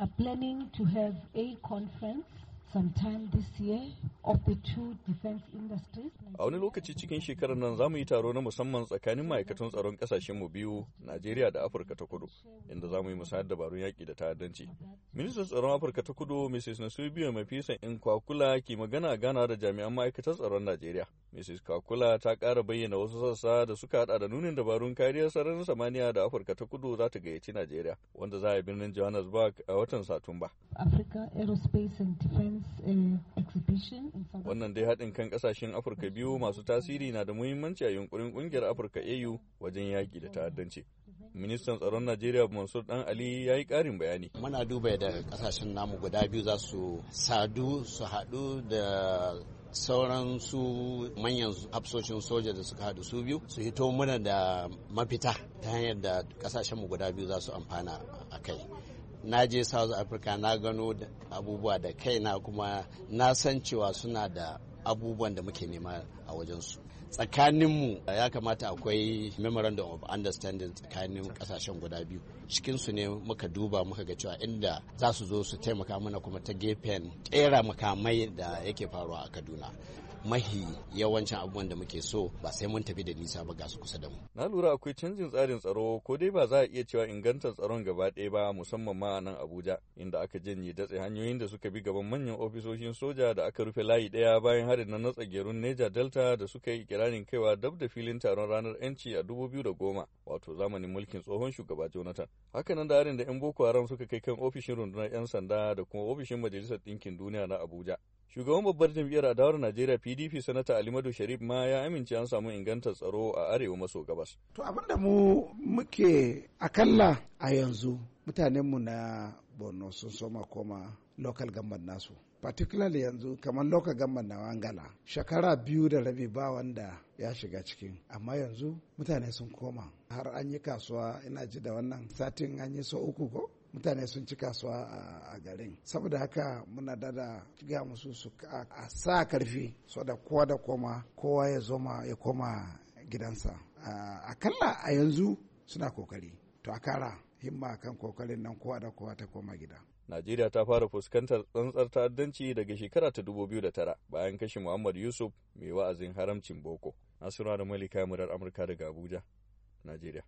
are planning to have a conference sometime this year of the two defense industries. A wani lokaci cikin shekarar nan za mu yi taro na musamman tsakanin ma'aikatan tsaron kasashen mu biyu, Najeriya da Afirka ta Kudu, inda za mu yi musayar dabarun yaƙi da ta'addanci. Ministan tsaron Afirka ta kudu Mrs. Nasubio Mafisa kwakula ke magana gana da jami'an ma'aikatar tsaron Najeriya. Mrs. Kwakula ta kara bayyana wasu sassa da suka hada da nunin dabarun kariyar sararin samaniya da Afirka ta kudu za ta gayyaci Najeriya, wanda za a yi birnin Johannesburg a watan Satumba. Africa eh, Wannan dai haɗin kan ƙasashen Afirka biyu masu tasiri na da muhimmanci a yunkurin ƙungiyar Afirka AU wajen yaki da ta'addanci. Ministan tsaron Najeriya Mansur Dan Ali ya yi karin bayani. Muna duba da kasashen namu guda biyu za su sadu su haɗu da sauran su manyan hafsoshin soja da suka haɗu su biyu su hito muna da mafita ta hanyar da kasashen mu guda biyu za su amfana a kai. na je south africa na gano abubuwa da kaina kuma na san cewa suna da abubuwan da muke nema a wajensu tsakaninmu ya kamata akwai memorandum of understanding tsakanin kasashen guda biyu cikinsu ne muka duba muka ga cewa inda za su zo su taimaka mana kuma ta gefen tsera makamai da yake faruwa a kaduna mahi yawancin abubuwan da muke so ba sai mun tafi da nisa ba ga su kusa da mu. Na lura akwai canjin tsarin tsaro ko dai ba za a iya cewa ingantar tsaron gaba ɗaya ba musamman ma a nan Abuja inda aka janye datse hanyoyin da suka bi gaban manyan ofisoshin soja da aka rufe layi ɗaya bayan harin na tsagerun Neja Delta da suka yi kiranin kaiwa dab da filin taron ranar 'yanci a dubu biyu da goma wato zamanin mulkin tsohon shugaba Jonathan. Hakanan da harin da 'yan Boko Haram suka kai kan ofishin rundunar 'yan sanda da kuma ofishin Majalisar Ɗinkin Duniya na Abuja Shugaban babbar jam'iyyar adawar Najeriya PDP Sanata Alimadu Sharif ma ya amince an samu ingantar tsaro a arewa maso gabas. To abinda mu muke akalla a yanzu mutanenmu na Borno sun soma koma local gamban nasu. particularly yanzu kamar local gamban na wangala shekara biyu da rabi ba wanda ya shiga cikin amma yanzu mutane sun koma har an yi kasuwa ina ji da wannan satin an yi so uku ko mutane sun ci kasuwa a garin saboda haka muna dada ga musu su a sa karfi so da kowa da koma kowa ya zoma ya koma gidansa a kalla a yanzu suna kokari to a kara himma kan kokarin nan kowa da kowa ta koma gida Najeriya ta fara fuskantar tsantsar ta'addanci daga shekara ta 2009 bayan kashe Muhammad Yusuf mai wa'azin haramcin Boko. Nasura da Malika Murar Amurka daga Abuja, Najeriya.